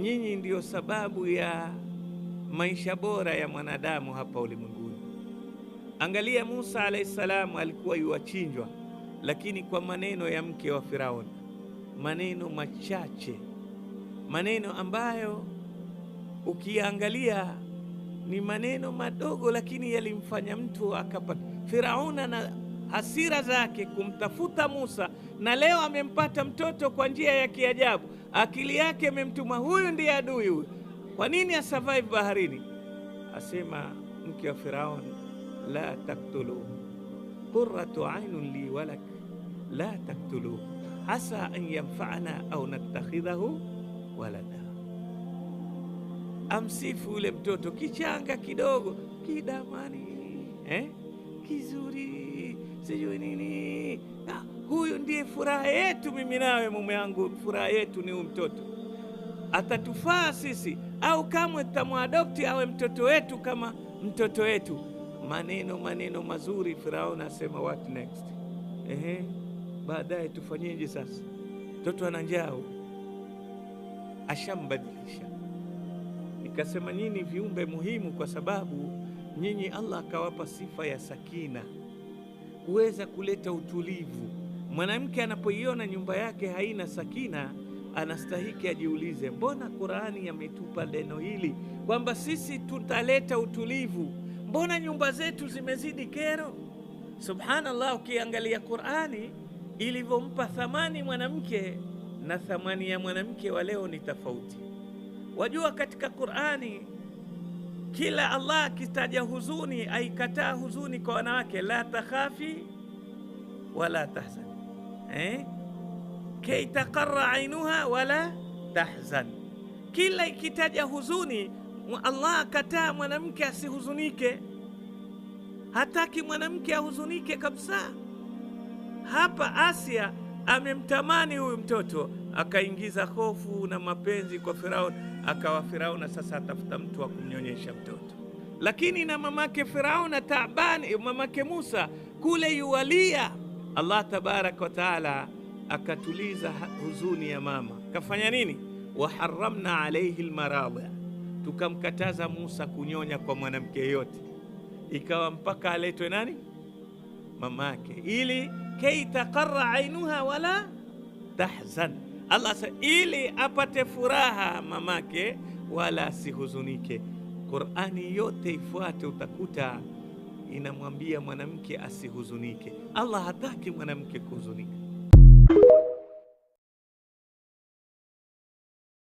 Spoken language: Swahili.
nyinyi ndiyo sababu ya maisha bora ya mwanadamu hapa ulimwenguni. Angalia Musa alahi salamu, alikuwa yuwachinjwa, lakini kwa maneno ya mke wa Firauni, maneno machache, maneno ambayo ukiangalia ni maneno madogo, lakini yalimfanya mtu akapata Firauni na hasira zake kumtafuta Musa, na leo amempata mtoto kwa njia ya kiajabu. Akili yake imemtuma huyu ndiye adui huyu, kwa nini asurvive baharini? Asema mke wa Firauni, la taktuluhu qurratu ainun li walak la taktuluhu asa an yanfa'ana au nattakhidhahu walada. Amsifu yule mtoto kichanga kidogo kidamani, eh? kizuri, sijui nini. Na huyu ndiye furaha yetu, mimi nawe, mume wangu, furaha yetu ni huyu mtoto, atatufaa sisi au kamwe tutamwadopti awe mtoto wetu kama mtoto wetu. Maneno maneno mazuri. Farao anasema what next? Ehe, baadaye tufanyeje sasa? Mtoto ana njaa, ashambadilisha. Nikasema nyinyi viumbe muhimu, kwa sababu nyinyi Allah akawapa sifa ya sakina, kuweza kuleta utulivu. Mwanamke anapoiona nyumba yake haina sakina, anastahiki ajiulize, mbona Qurani yametupa neno hili kwamba sisi tutaleta utulivu? Mbona nyumba zetu zimezidi kero? Subhanallah, ukiangalia Qurani ilivyompa thamani mwanamke na thamani ya mwanamke wa leo ni tofauti. Wajua, katika Qurani kila Allah akitaja huzuni, aikataa huzuni kwa wanawake, la takhafi wala tahzan eh? Kay taqarra ainuha wala tahzan. Kila ikitaja huzuni, Allah akataa mwanamke asihuzunike, hataki mwanamke ahuzunike kabisa. Hapa Asia amemtamani huyu mtoto, akaingiza hofu na mapenzi kwa Firauni, akawa Firauni sasa atafuta mtu wa kumnyonyesha mtoto. Lakini na mamake Firauni taabani, mamake Musa kule yualia, Allah tabaraka wa taala akatuliza huzuni ya mama. Kafanya nini? waharamna alaihi lmaradhi, tukamkataza Musa kunyonya kwa mwanamke yote, ikawa mpaka aletwe nani mamake ili كي تقر عينها ولا تحزن الله سيلي أبت فراها مماك ولا سيهزونيك قرآن يوتي فوات وتكوتا إنا مبيا منامك أسيهزونيك الله هتاكي منامك كوزونيك